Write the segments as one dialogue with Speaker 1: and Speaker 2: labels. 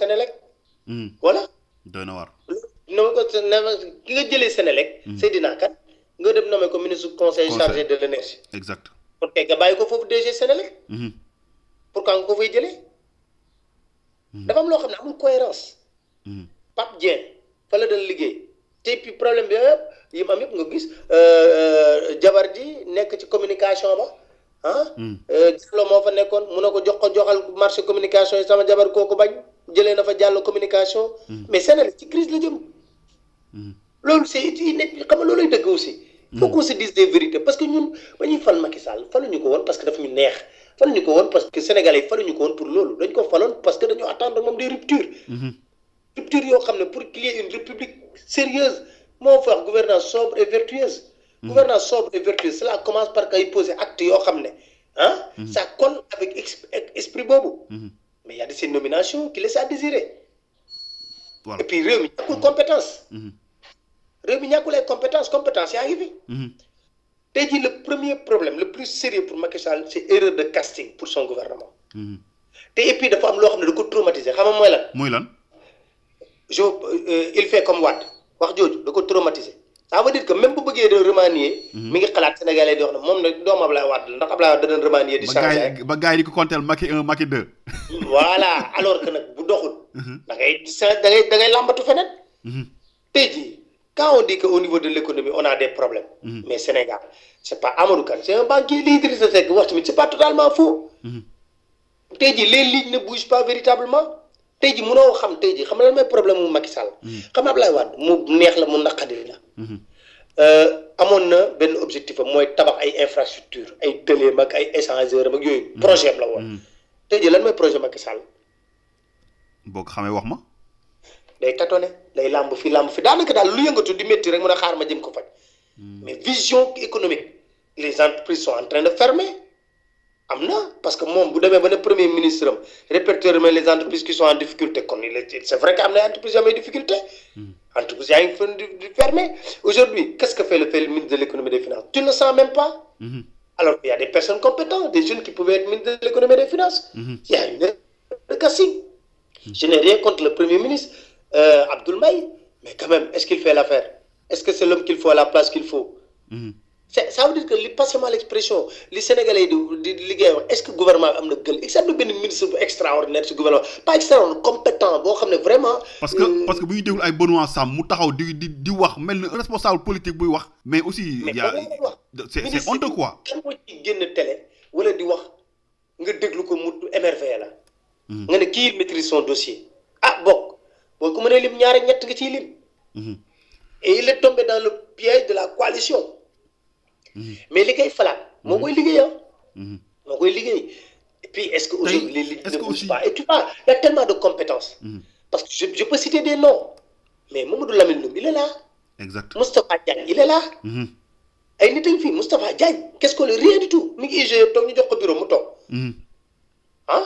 Speaker 1: Sénélec. Hmm. voilà. doy na waar. nommé ko ki nga jëlee Sénélec. Hmm. Seydina Kane nga dem nommé ko su conseil chargé de l' énergie. exact pour que nga bàyyi ko foofu DG Sénélec. Hmm. pourquoi nga ko fay jëlee. dafa am loo xam ne amul cohérence Pape Dieng fa la doon liggéey te problème bi yëpp yi am yëpp nga gis euh, euh, jabar ji nekk ci communication ba. ah. Hein? Hmm. Euh, jàllo moo fa nekkoon mu ne ko jox ko joxal marché communication yi sama jabar kooku bañ jëlee na fa jàllo communication. Hmm. mais Sénégal ci crise la jëm. Hmm. loolu c' est it nekk xam nga loolu lay dëgg aussi. il faut qu'on se dise des vérités parce que ñun ba ñuy fal Macky Sall faluñu ko woon parce que dafa ñu neex faluñu ko woon parce que sénégalais yi faluñu ko woon pour loolu dañ ko faloon parce que dañu attendre moom des ruptures. ruptures yoo xam ne pour qu'il y ait une république sérieuse moo fa wax gouvernance sobre et vertueuse. Mm-hmm. gouvernance sobre et vertueuse cela commence par qu'il poser acte yo hein? mm-hmm. ça colle avec esprit bobo, mm-hmm. mais il y a des nominations qui laissent à désirer et puis y a ñàkkul compétence il y a ay compétence compétences, compétences ngi fi tey dit le premier problème le plus sérieux pour Macky Sall c'est erreur de casting pour son gouvernement et puis dafa am loo le coup euh, euh, il fait comme Watt, wax Jojo traumatisé. ça veut dire que même bu bëggee doon remanier. Mhm. mi ngi xalaat sénégalais di wax ne moom nag doomu Ablaye Wade la ndax Ablaye Wade da doon remanier.
Speaker 2: di di ko compter
Speaker 1: alors que nag bu doxul. Mhm. da ngay da ngay da ngay làmbatu feneen. Mhm. tey jii quand on dit que au niveau de a des problèmes. mais Sénégal c' est pas Amadou Kane li Idrissa Seck wax tamit c' est pas totalement faux. tey jii xam tey problème mu Macky Sall. xam nga Ablaye Wade mu neex la mu naqadi la. Euh, amoon na objectif moy tabax ay infrastructure ay tëleem mak ay échangeur mak yoy mm-hmm. projet la won mm-hmm. tey jii lan moy projet Macky Sall.
Speaker 2: bok xamé wax ma.
Speaker 1: day tatoné day lamb fi lamb fi danaka dal lu yëngatu di metti rek mën xaar ma jëm ko fajj mm. mais vision économique les entreprises sont en train de fermer. Amna, parce que moom bu demee ba le premier ministre am les entreprises qui sont en difficulté C'est il est c' est vrai que am na des entreprises difficulté hmm. entreprise yaa ngi fa aujourd'hui qu'est-ce que fait le ministre de l'économie des finances tu ne le sens même pas hmm. alors il y a des personnes compétentes des jeunes qui pouvaient être ministre de l'économie des finances hmm. il y a une de je n'ai rien contre le premier ministre euh, mais quand même est-ce qu'il fait l'affaire est-ce que c'est l'homme qu'il faut à la place qu'il faut ça veut dire que li mal sénégalais est ce que gouvernement ministre extraordinaire du gouvernement pas extraordinaire compétent vraiment. parce que euh, parce que Benoît Sam mu taxaw di responsable
Speaker 2: politique mais aussi c'est quoi. ci
Speaker 1: télé wala di wax nga déglu MRV mm-hmm. maîtrise son dossier. ah bon? ko lim mm-hmm. et il est tombé dans le piège de la coalition. Mhm. mais faut la... falaat les gars mhm. hein. Mhm. moo koy gars et puis est-ce que aujourd'hui les lits ne bougent pas et tu vois il y a tellement de compétences. parce que je peux citer des noms mais Mamadou Lamine Ndoum, il est là. Exact. Moustapha Diagne il est là. Et il a une fi Moustapha Diagne qu'est-ce que le rien du tout mais je UG toog jox ko bureau mu toog. Hein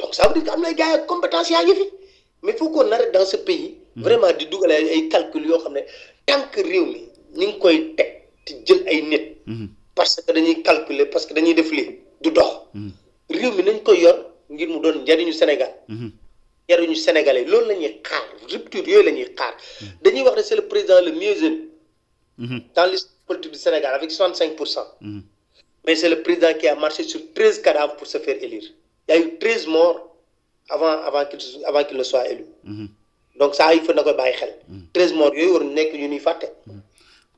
Speaker 1: donc ça veut dire qu'il y a des compétences mais il faut qu'on arrête dans ce pays. vraiment de dugal ay calcul tant que di jël ay nit. Mhm. parce que dañuy calculer parce que dañuy def lii du dox. Mhm. réew mi nañ ko yor ngir mu doon njariñu Sénégal. Mhm. njariñu Sénégalais loolu la ñuy xaar rupture yooyu la ñuy xaar dañuy wax ne c'est le président le mieux jeune. dans l'histoire politique du Sénégal avec 65 mais c'est le président qui a marché sur 13 cadavres pour se faire élire. Il y a eu 13 morts avant, avant qu'il avant qu'il ne soit élu. Donc ça, il faut que 13 morts, il y a ñuy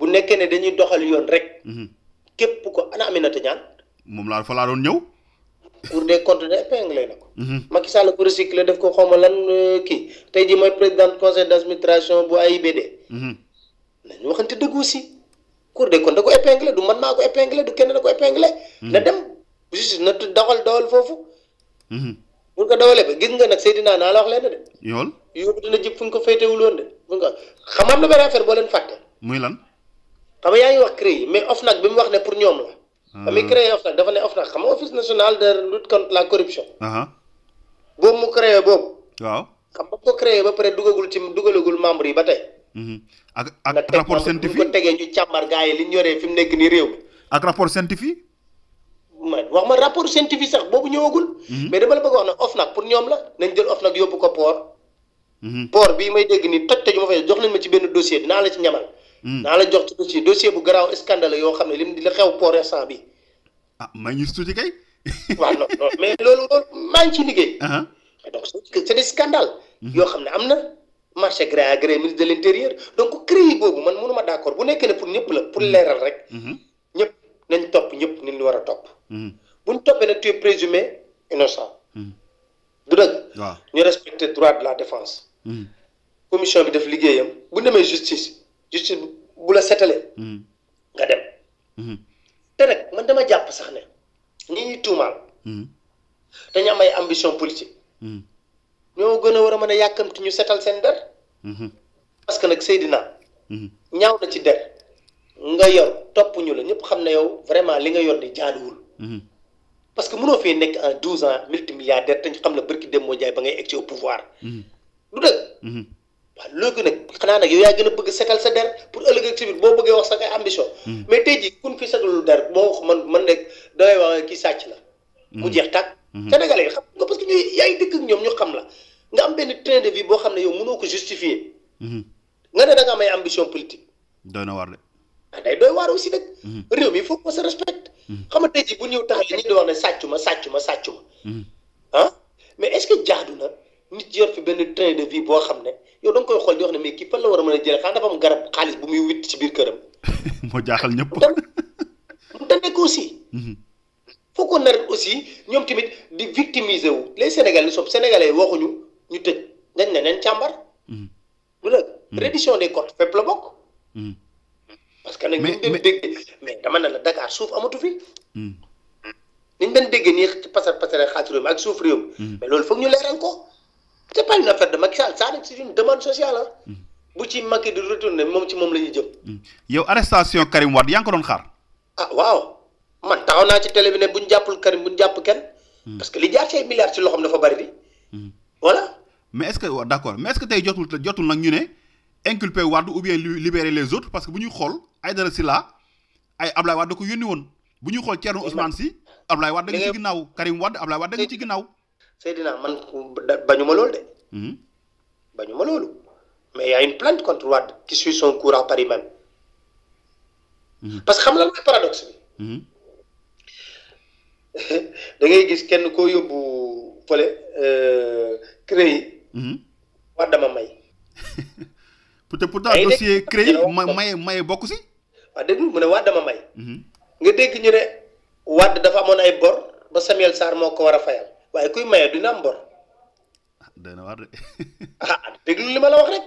Speaker 1: bu nekkee ne dañuy doxal yoon rek. Mhm. képp ko ana Aminata Niane.
Speaker 2: moom laa fa laa doon ñëw.
Speaker 1: Cour des comptes de épinglé na ko. Mhm. Macky Sall ko recyclé def ko xawma lan euh, kii tey jii mooy président conseil d' administration bu AIBD.
Speaker 3: nañu
Speaker 1: waxante dëgg aussi. Cour de comptes da ko épinglé du man maa ko épinglé du kenn da ko épinglé. Mhm. na dem justice na doxal doxal foofu. bu ko dawalee ba gis nga nag Seydina naa la wax leen de. yoon yóbbu dina jib fu ñu ko féetewul woon de. bu ñu ko xam am na xam nga yaa ngi wax CREI mais nag bi mu wax ne pour ñoom la. ba hmm. xam nga office national de lutte contre la corruption. boobu mu créé boobu. waaw xam ko créé ba pare dugagul ci dugalagul membre yi ba tey.
Speaker 2: Hmm. ak
Speaker 1: ak rapport scientifique ko tegee yi li yoree fi mu nekk nii réew mi.
Speaker 2: ak rapport wax
Speaker 1: ma rapport scientifique sax boobu ñëwagul. Hmm. mais dama la bëgg wax ne OFNAC pour ñoom la nañ jël OFNAC yóbbu ko port. port bii may dégg nii toj toj ma fay jox nañ ma ci benn dossier dinaa la ci ñamal. Hmm. naa la jox ci dossier bu garaaw scandale yoo xam ne lim di ah,
Speaker 2: maa ngi tuuti kay.
Speaker 1: waaw non non mais loolu loolu liggéey. donc c'est des scandales. Hmm. yoo xam ne am na marché gré à gré ministre de donc CREI boobu man mënuma d'accord bu nekkee pour ñëpp la pour hmm. leeral rek. ñëpp nañ topp ñëpp nañ war a topp. bu ñu toppee nag tu es présumé innocent. du dëgg. waaw ñu respecter droit de la défense. commission bi def liggéeyam bu ñu justice. justice bu la setalee hmm. nga dem hmm. te nag man dama jàpp sax ne ñi ñuy tuumaal hmm. dañu am ay ambition politique ñoo gën a war a mën a yàkkamti ñu setal seen der parce que nag Seydina ñaaw na ci der nga yor topp ñu la ñëpp xam ne yow vraiment li nga yor di jaaduwul parce que mënoo fee nekk en douze ans multimilliardaire te ñu xam la barki dem moo jaay ba ngay egg ci au du dëgg waaw loo gën a xanaa nag yow yaa gën a bëgg setal sa der pour ëllëg ak tamit boo bëggee wax sax ay ambition. Hmm. mais tey jii kun fi setalul der boo wax man man rek dangay wax kii sàcc la. mu hmm. jeex tàkk. Hmm. Sénégalais yi xam nga parce que yaay dëkk ak ñoom ñu xam la nga am benn train de vie boo xam ne yow mënoo ko justifier. nga ne da nga am ay ambition politique. doy na waar de. ah day doy waar aussi nag. réew mi il faut qu'on xam nga tey jii bu ñëw tax ñu di wax ne sàccu ma sàccu ma sàccu ma. ah mais est-ce que jaadu na. nit yor fi benn train de vie boo xam ne yow da nga koy xool di wax ne mais kii fan la war a mën a jëlee xanaa dafa am garab xaalis bu muy witt ci biir këram. moo jaaxal ñëpp. mu dem nekk aussi. foo ko nar aussi ñoom tamit di victimiser wu les sénégalais sopp sénégalais waxuñu ñu tëj dañ ne neen càmbar. lu la reddition des comptes fépp la bokk. parce que nag. mais ñu doon dégg mais dama ne la Dakar suuf amatu fi. ni ñu doon dégg nii pasar pasare xaalis réew mi ak suuf réew mi. mais loolu foog ñu leeral ko. c'est pas une affaire de Macky Sall ça c'est une demande sociale ah. bu ci Macky di retourner mom ci mom la ñuy jëm.
Speaker 2: yow arrestation Karim Wade yaa ko don xaar.
Speaker 1: ah waaw man taxaw naa ci télé bi ne bu ñu jàppul Karim bu ñu jàpp kenn. Hmm. parce que li jaar ci ay milliards ci loxoom dafa bari bi. Hmm. voilà.
Speaker 2: mais est-ce que waaw oh, d'accord mais est-ce que tey jotul jotul nag ñu ne inculper Wade ou bien libérer les autres parce que bu ñuy xool Aïdara Sylla ay Ablaye Wade da ko yónni woon bu ñuy xool Thierno Ousmane Sy. Ablaye Wade da nga ci ginnaaw Karim Wade Ablaye Wade da nga ci ginnaaw.
Speaker 1: Seydina man bañuma ma loolu de. Mhm. bañu ma loolu. mais y a une plainte contre Wade qui suit son cours à Paris même. Mhm. parce que xam lan mooy paradoxe bi. Mhm. da ngay gis kenn ko koo yóbbu fële euh, CREI. Wade dama may. peut être pourtant dossier
Speaker 2: créé may may bokk si.
Speaker 1: wa dégg mu ne Wade dama may. nga dégg ñu ne Wade dafa amone ay bor ba Samuel Sar moko wara fayal. waaye kuy maye dina am bor.
Speaker 2: ah dana war de.
Speaker 1: ah déglu li ma la wax rek.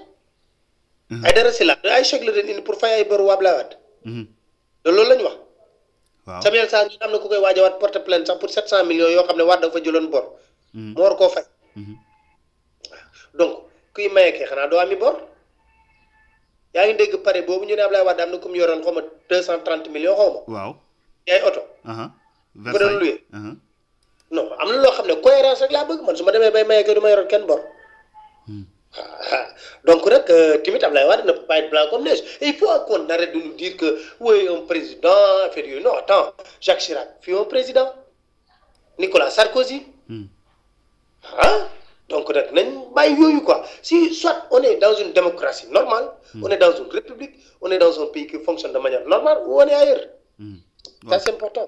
Speaker 1: Mhm. ay dara si la ay chèque la doon pour fay ay bor waa Ablaye Wade. Mhm. loolu lañ ñu wax. waaw Samuel Sarr ñu am na ku koy waaj a waat porte plainte sax pour 700 millions yoo xam ne Wade dafa jëloon bor. Mhm. mu war koo fay. donc kuy xanaa doo ami bor. yaa ngi dégg pare boobu ñu ne Ablaye Wade am na ku mu yoroon xaw ma 230 millions xaw ma. waaw yaay oto. bu doon luye. non am na loo ne cohérence rek la bëgg man su ma demee bay je suis du ma yoroon bor hmm. ah, ah. donc ne peut pas être blanc comme neige et il faut qu'on arrête de nous dire que oui un président non attends Jacques Chirac fut un président Nicolas Sarkozy hmm. ah, donc nag nañ bàyyi quoi si soit on est dans une démocratie normale hmm. on est dans une république on est dans un pays qui fonctionne de manière normale ou on est ailleurs ça c'est important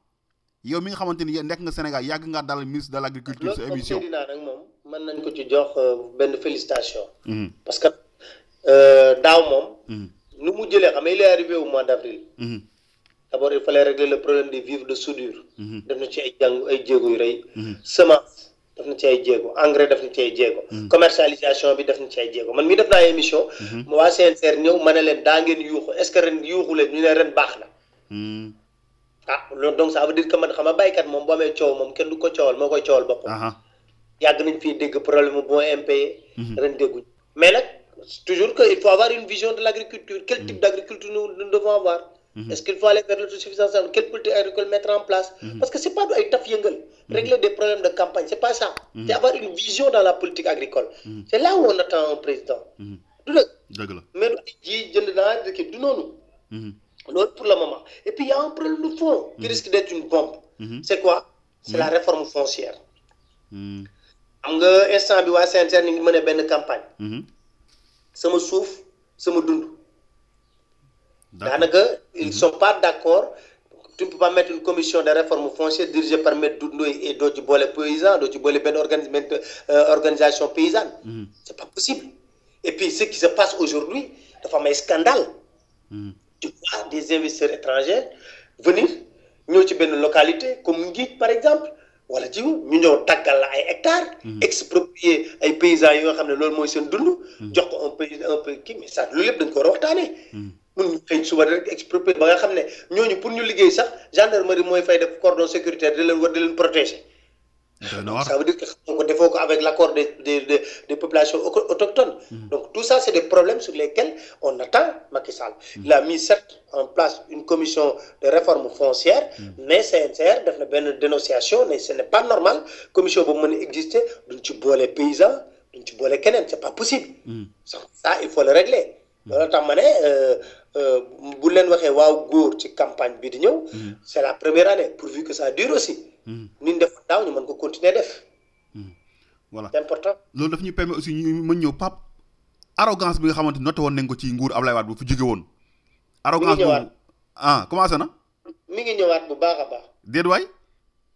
Speaker 2: yow mi nga xamante ni nekk nga Sénégal yàgg ngaa dalal ministre de l' agriculture sa émission
Speaker 1: moom mën nañ ko ci jox euh, benn félicitation. Mm-hmm. parce que euh, daaw moom. Mm-hmm. nu mu jëlee xam nga il est arrivé mois d' avril. Mm-hmm. d' abord il fallait régler le problème des vivres de soudure. def na ci ay jàngu ay jéego yu rëy. semence def na ci ay jéego engrais def na ci ay jéego. commercialisation bi def na ci ay jéego man mi def naa émission. waa CNCR ñëw ma ne leen daa ngeen yuuxu est ce que ren yuuxu leen ñu ne ren baax na. ah donc ça veut dire que man xama nga baykat mom je amee coow mom kenn du ko coowal moo koy coowal boppam. yàgg nañ fii dégg problème mu bon impayé. E. Mhm. ren dégguñ mais nak toujours que il faut avoir une vision de l'agriculture, quel type mhm. d'agriculture nous devons avoir. Mhm. est ce qu'il faut aller vers l'autosuffisance Quel quelle politique agricole mettre en place. parce que c'est n'est pas du ay taf yëngal. régler des problèmes de campagne c'est n'est pas ça. C'est avoir une vision dans la politique agricole. C'est là où on attend un président. du deug la mais du ji jënd na dëkk du nonu L'autre pour le moment. Et puis il y a un problème de fond qui mm. risque d'être une bombe. Mm-hmm. C'est quoi C'est la mm-hmm. réforme foncière. En mm. nga instant bi waa CNCR un certain nombre a benn campagne. Mm-hmm. sama ça sama dund. daanaka ils ne sont pas d'accord. tu ne peux pas mettre une commission de réforme foncière dirigée par M. Doudou et d'autres paysans, paysans, paysan doo ci boole organisations euh, organisation paysanne. Ce n'est pas possible et puis ce qui se passe aujourd'hui c'est un un scandale tu vois des investisseurs étrangers venir ñëw ci une localité comme Nguith par exemple wala tu ñu ñëw tàggal ay hectares. Mhm. exproprier ay paysans yi nga xam ne loolu mooy seen dund. Mhm. jox ko un pays un peu qui mais ça loolu lépp dañ ko war fait waxtaanee. Mhm. mun ñu xëy suba rek exproprier ba nga xam ne ñooñu pour ñu liggéey sax gendarmerie mooy fay def cordon sécuritaire de leen war di leen protéger ça veut dire qu'on avec l'accord des, des, populations autochtones. Mm-hmm. Donc tout ça, c'est des problèmes sur lesquels on attend Macky Sall. Mm-hmm. Il a mis certes en place une commission de réforme foncière, mm-hmm. mais c'est une dénonciation, mais ce n'est pas normal. La commission peut exister, donc tu bois les paysans, donc tu bois les canadiens, ce n'est pas possible. Ça, il faut le régler. En tax ma euh, euh, bu campagne c'est la première année pourvu que ça dure aussi Hmm. ni ñu def daaw ñu mën ko continuer def. Hmm.
Speaker 2: voilà loolu daf ñu permettre aussi ñu mën ñëw pap arrogance bi nga xamante ni woon nañ ko ci nguur Ablaye Wade bu fi jóge woon. arrogance boobu ah commencé na.
Speaker 1: mi ngi ñëwaat bu baax a baax. déet waay.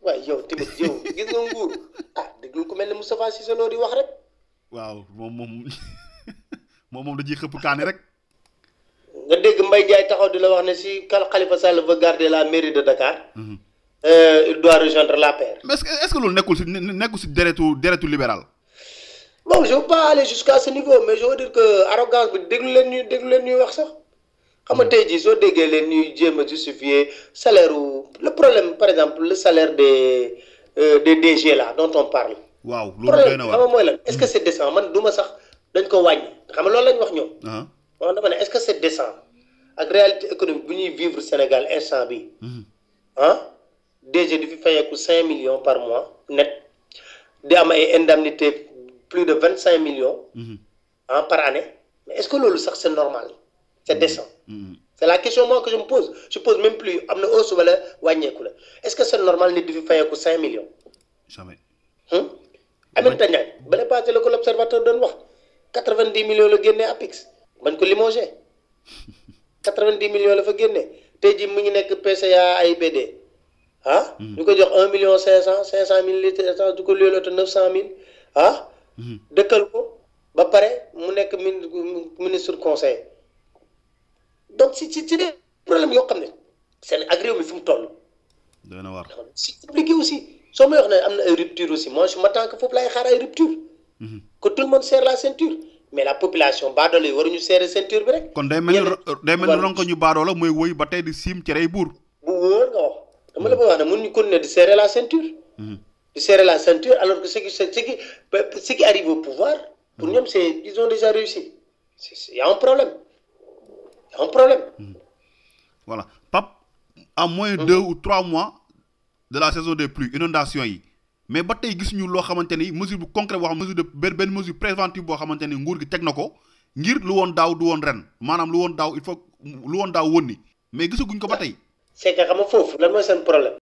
Speaker 1: waaye yow tamit yow gis nga nguur ah déglu ku mel ni ne Moustapha Cissé Lo di wax rek.
Speaker 2: waaw moom moom moom moom dañuy xëpp kaani rek.
Speaker 1: nga dégg Mbaye Ndiaye taxaw di la wax ne si Khalifa Sall veut garder la mairie de Dakar. Hmm. Euh, il doit rejoindre la paire.
Speaker 2: Mais est-ce que loolu nekkul si nekkul si deretu libéral.
Speaker 1: bon je ne veux pas aller jusqu'à ce niveau mais je veux dire que arrogance bi déglu leen ñuy déglu leen ñuy wax sax xam nga hmm. tey jii soo le justifier salaire le problème par exemple le salaire des euh, des DG là dont on parle.
Speaker 2: Waouh, l'ordre de na
Speaker 1: est-ce que hmm. c'est décent man du ma sax dañ ko wàññi xam nga lañ wax ñoom. Uh-huh. waaw dama est-ce que c'est décent la réalité économique bu ñuy vivre Sénégal instant bi hmm. hein DG du FIFA 5 millions par mois net. Il y une indemnité plus de 25 millions mhm. hein, par année. est-ce que ça c'est normal C'est mhm. décent mhm. C'est la question moi, que je me pose. Je pose même plus. Est-ce que c'est normal de faire 5 millions Jamais. Hum? Je ne sais pas si l'observateur de 90 millions le gagnés à Pix. Je ne sais pas 90 millions de gagnés. Tu dis que PCA à IBD ah ñu jox 1 million 500 500 000 litres essence du 900 000 ah dëkkal ko ba paré mu nekk ministre conseil donc ci ci problème yo xamné c'est ak réew mi fu war ci compliqué aussi so may wax amna rupture aussi moi je m'attends que fop lay xara ay rupture mhm. que tout le monde serre la ceinture mais la population badolé waruñu serrer ceinture bi rek
Speaker 2: kon day mel day mel ronko ñu badolé moy woy ba tay di sim ci ray bour
Speaker 1: bu woor dama la koy wax ne mënuñu de serrer la ceinture. Mhm. De serrer la ceinture alors que ce qui ce qui ce qui arrive au pouvoir. pour nous, mhm. c'est ils ont déjà réussi il y a un problème il y a un problème. Mhm.
Speaker 2: voilà Pape en moins deux ou trois mois de la saison des pluies inondation yi mais ba tey gisuñu loo xamante mesure bu mesure de benn mesure préventive boo xamante ni nguur gi teg na ko ngir lu woon daaw du woon ren maanaam lu woon daaw il faut lu woon daaw Mais ni mais gisaguñ ko ba tey.
Speaker 3: c' est :fra que :fra xam nga foofu lan mooy seen problème